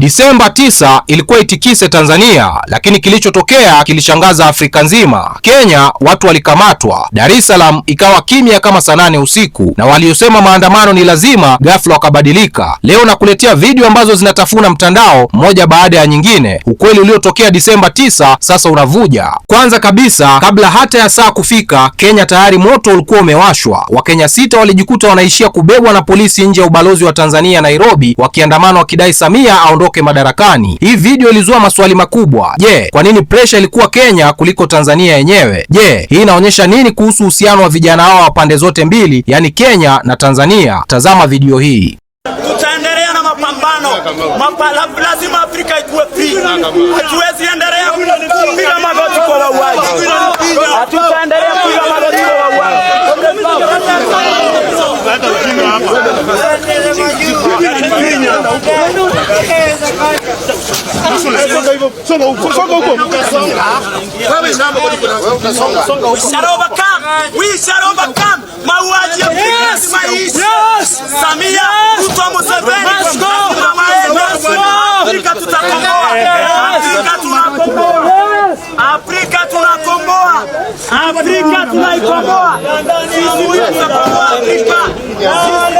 Disemba 9 ilikuwa itikise Tanzania, lakini kilichotokea kilishangaza Afrika nzima. Kenya watu walikamatwa, Dar es Salaam ikawa kimya kama sanane usiku, na waliosema maandamano ni lazima ghafla wakabadilika. Leo nakuletea video ambazo zinatafuna mtandao moja baada ya nyingine. Ukweli uliotokea Disemba 9 sasa unavuja. Kwanza kabisa, kabla hata ya saa kufika, Kenya tayari moto ulikuwa umewashwa. Wakenya sita walijikuta wanaishia kubebwa na polisi nje ya ubalozi wa Tanzania Nairobi, wakiandamana wakidai Samia aondoke aondoke madarakani. Hii video ilizua maswali makubwa. Je, kwa nini presha ilikuwa Kenya kuliko Tanzania yenyewe? Je, hii inaonyesha nini kuhusu uhusiano wa vijana hawa wa pande zote mbili, yaani Kenya na Tanzania? Tazama video hii. Tutaendelea na mapambano Mapa, lazima Afrika ikuwe free. Hatuwezi endelea kupiga magoti kwa wauaji, hatutaendelea kupiga magoti kwa wauaji mauaji ya maisha Samia kutoa Museveni Afrika tutakomboa, Afrika tunakomboa, Afrika tunakomboa, Afrika tunaikomboa, sisi tutakomboa Afrika.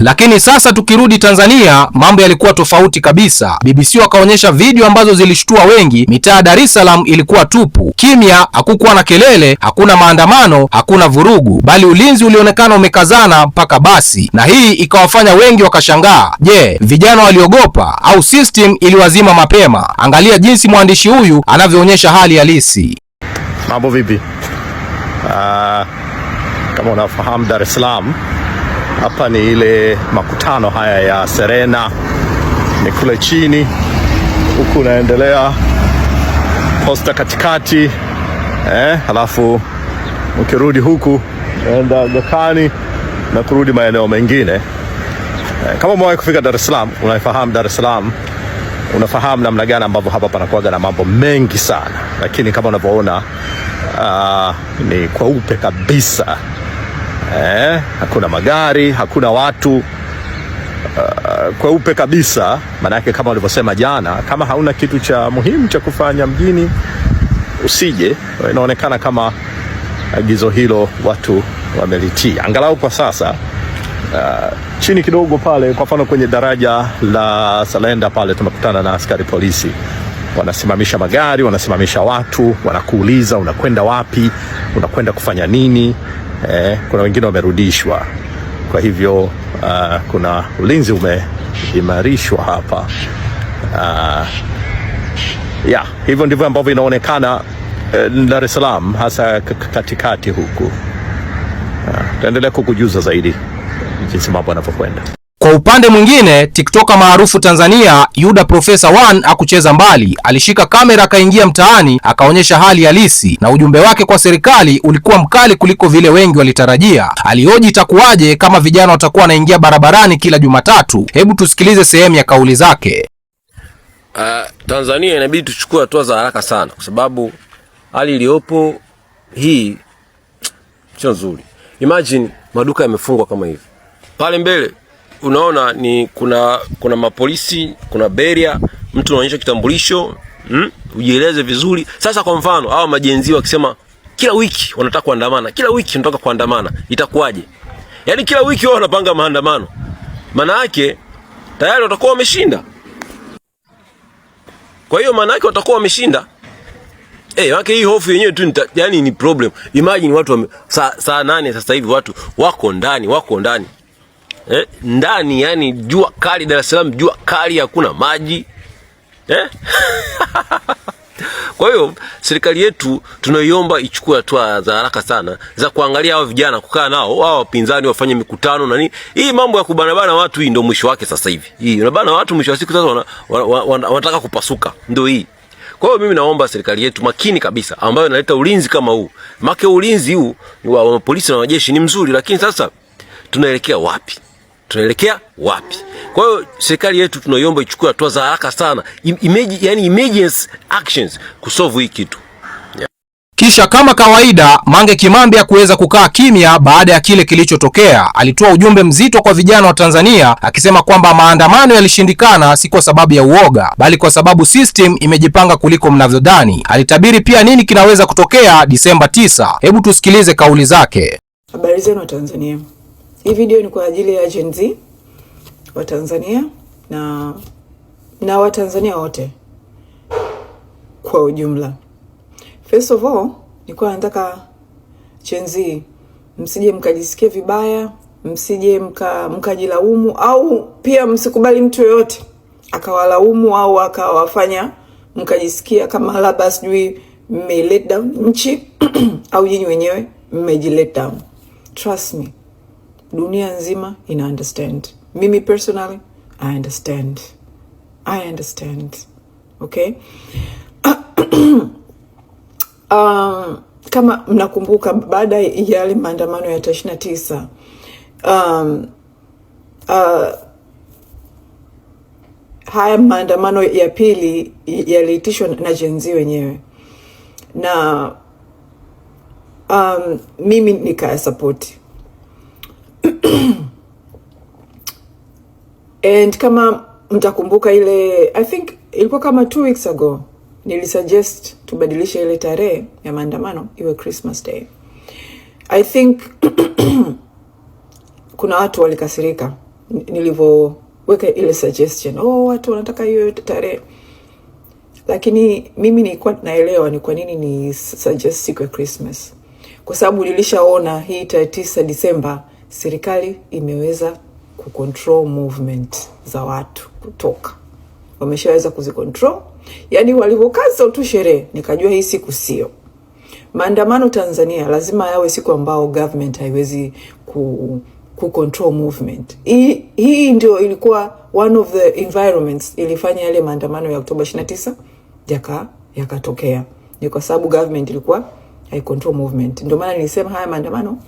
Lakini sasa tukirudi Tanzania, mambo yalikuwa tofauti kabisa. BBC wakaonyesha video ambazo zilishtua wengi. Mitaa ya Dar es Salaam ilikuwa tupu, kimya, hakukuwa na kelele, hakuna maandamano, hakuna vurugu, bali ulinzi ulionekana umekazana mpaka basi, na hii ikawafanya wengi wakashangaa. Je, vijana waliogopa au system iliwazima mapema? Angalia jinsi mwandishi huyu anavyoonyesha hali halisi. Mambo vipi? Uh, kama unafahamu Dar es Salaam hapa ni ile makutano haya ya Serena, ni kule chini huku unaendelea posta katikati eh, halafu ukirudi huku enda Gakani na kurudi maeneo mengine eh. Kama umewahi kufika Dar es Salaam, unaifahamu Dar es Salaam, unafahamu namna gani ambavyo hapa panakuwaga na mambo mengi sana, lakini kama unavyoona, uh, ni kweupe kabisa eh, hakuna magari, hakuna watu uh, kweupe kabisa. Maanake kama walivyosema jana, kama hauna kitu cha muhimu cha kufanya mjini usije. Inaonekana kama agizo hilo watu wamelitii, angalau kwa sasa. Uh, chini kidogo pale, kwa mfano kwenye daraja la Salenda pale, tumekutana na askari polisi wanasimamisha magari, wanasimamisha watu, wanakuuliza unakwenda wapi, unakwenda kufanya nini? eh, kuna wengine wamerudishwa. Kwa hivyo uh, kuna ulinzi umeimarishwa hapa uh, ah, yeah, hivyo ndivyo ambavyo inaonekana eh, Dar es Salaam hasa katikati huku. Ah, Taendelea kukujuza zaidi jinsi mambo yanavyokwenda. Kwa upande mwingine, tiktoka maarufu Tanzania Yuda Profesa One akucheza mbali, alishika kamera akaingia mtaani akaonyesha hali halisi, na ujumbe wake kwa serikali ulikuwa mkali kuliko vile wengi walitarajia. Alihoji itakuwaje kama vijana watakuwa wanaingia barabarani kila Jumatatu. Hebu tusikilize sehemu ya kauli zake. Uh, Tanzania inabidi tuchukue hatua za haraka sana, kwa sababu hali iliyopo hii sio nzuri. Imagine maduka yamefungwa kama hivi pale mbele unaona ni kuna kuna mapolisi, kuna beria, mtu anaonyesha kitambulisho mm, ujieleze vizuri. Sasa kwa mfano hawa majenzi wakisema kila wiki wanataka kuandamana, kila wiki wanataka kuandamana, itakuwaje? Yaani kila wiki wao wanapanga maandamano, maana yake tayari watakuwa wameshinda. Kwa hiyo maana yake watakuwa wameshinda. Eh, wake hii hofu yenyewe tu yani ni problem. Imagine watu wame, saa, saa nane sasa hivi watu wako ndani, wako ndani eh, ndani yani jua kali Dar es Salaam, jua kali, hakuna maji eh? Kwa hiyo serikali yetu tunaiomba ichukue hatua za haraka sana za kuangalia hao vijana, kukaa nao hao wapinzani, wafanye mikutano na nini. Hii mambo ya kubanabana watu, hii ndio mwisho wake sasa hivi. Hii unabana watu, mwisho wa siku sasa wanataka wana, wana, wana, wana kupasuka, ndio hii. Kwa hiyo mimi naomba serikali yetu makini kabisa, ambayo inaleta ulinzi kama huu, make ulinzi huu wa polisi na wanajeshi ni mzuri, lakini sasa tunaelekea wapi? tunaelekea wapi? Kwa hiyo serikali yetu tunaiomba ichukue hatua za haraka sana, imeji, yani emergency actions kusolve hii kitu yeah. Kisha kama kawaida, Mange Kimambi hakuweza kukaa kimya baada ya kile kilichotokea. Alitoa ujumbe mzito kwa vijana wa Tanzania akisema kwamba maandamano yalishindikana si kwa sababu ya uoga, bali kwa sababu system imejipanga kuliko mnavyodhani. Alitabiri pia nini kinaweza kutokea Disemba 9. Hebu tusikilize kauli zake. Habari zenu Tanzania. Hii video ni kwa ajili ya Gen Z wa Tanzania na na Watanzania wote kwa ujumla. First of all, nilikuwa nataka Gen Z msije mkajisikia vibaya, msije mka mkajilaumu au pia msikubali mtu yoyote akawalaumu au akawafanya mkajisikia kama labda sijui mme let down nchi au nyinyi wenyewe mmeji let down. Trust me dunia nzima ina understand. Mimi personally I understand, I understand okay. Um, kama mnakumbuka baada ya yale maandamano ya tarehe ishirini na tisa um, uh, haya maandamano ya pili yaliitishwa na jenzi wenyewe na um, mimi nikayasapoti and kama mtakumbuka ile I think ilikuwa kama two weeks ago nilisuggest tubadilishe ile tarehe ya maandamano iwe Christmas Day. I think kuna watu walikasirika nilivyoweka ile suggestion, oh, watu wanataka hiyo tarehe, lakini mimi nilikuwa naelewa ni kwa nini ni suggest siku ya Christmas, kwa sababu nilishaona hii tarehe tisa Disemba serikali imeweza kucontrol movement za watu kutoka, wameshaweza kuzicontrol. Yani walivyokaza tu sherehe, nikajua hii siku sio maandamano. Tanzania lazima yawe siku ambao government haiwezi ku kucontrol movement. Hii, hii ndio ilikuwa one of the environments ilifanya yale maandamano ya Oktoba 29 yaka yakatokea, ni kwa sababu government ilikuwa haicontrol movement. Ndio maana nilisema haya maandamano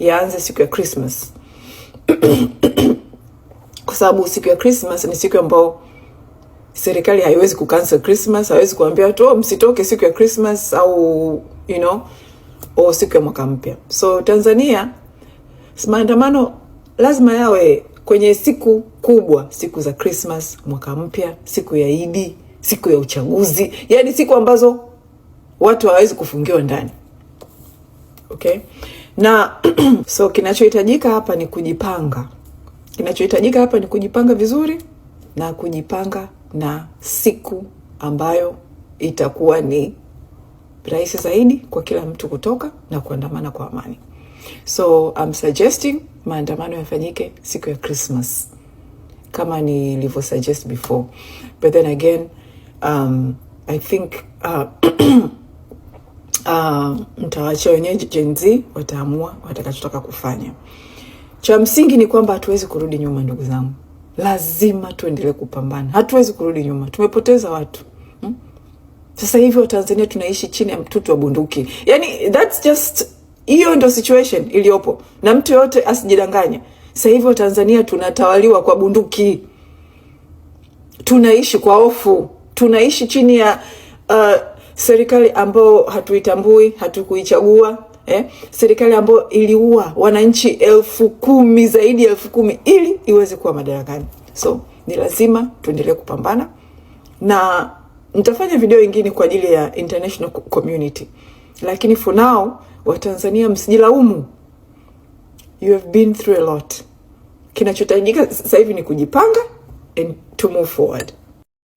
yaanze siku ya Christmas kwa sababu siku ya Christmas ni siku ambayo serikali haiwezi kucancel Christmas, haiwezi kuambia watu oh, msitoke siku ya Christmas au you know, au siku ya mwaka mpya. So Tanzania maandamano lazima yawe kwenye siku kubwa, siku za Christmas, mwaka mpya, siku ya Idi, siku ya uchaguzi, yaani siku ambazo watu hawawezi kufungiwa ndani, okay na so kinachohitajika hapa ni kujipanga. Kinachohitajika hapa ni kujipanga vizuri na kujipanga na siku ambayo itakuwa ni rahisi zaidi kwa kila mtu kutoka na kuandamana kwa amani. So I'm suggesting maandamano yafanyike siku ya Christmas kama nilivyo suggest before, but then again um, I think uh, uh, ah, ntawaachia wenyewe Gen Z wataamua watakachotaka kufanya. Cha msingi ni kwamba hatuwezi kurudi nyuma, ndugu zangu, lazima tuendelee kupambana, hatuwezi kurudi nyuma. Tumepoteza watu hmm? Sasa hivi Watanzania tunaishi chini ya mtutu wa bunduki, yani that's just hiyo ndo situation iliyopo, na mtu yoyote asijidanganye. Sasa hivi Watanzania tunatawaliwa kwa bunduki, tunaishi kwa hofu, tunaishi chini ya uh, serikali ambayo hatuitambui, hatukuichagua eh, serikali ambayo iliua wananchi elfu kumi zaidi ya elfu kumi ili iweze kuwa madarakani. So ni lazima tuendelee kupambana, na nitafanya video ingine kwa ajili ya international community, lakini for now Watanzania msijilaumu, you have been through a lot. Kinachotajika sasa hivi ni kujipanga and to move forward.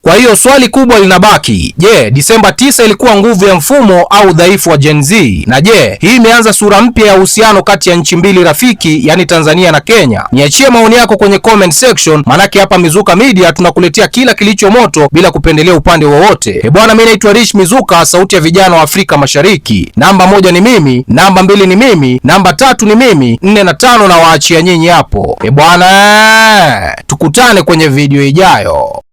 Kwa hiyo swali kubwa linabaki, je, Disemba 9 ilikuwa nguvu ya mfumo au udhaifu wa Gen Z? Na je, hii imeanza sura mpya ya uhusiano kati ya nchi mbili rafiki, yani Tanzania na Kenya? Niachie maoni yako kwenye comment section, manake hapa Mizuka Media tunakuletea kila kilicho moto bila kupendelea upande wowote. E bwana, mimi naitwa Rich Mizuka, sauti ya vijana wa Afrika Mashariki. Namba moja ni mimi, namba mbili ni mimi, namba tatu ni mimi, nne na tano na waachia nyinyi hapo. Eh bwana, tukutane kwenye video ijayo.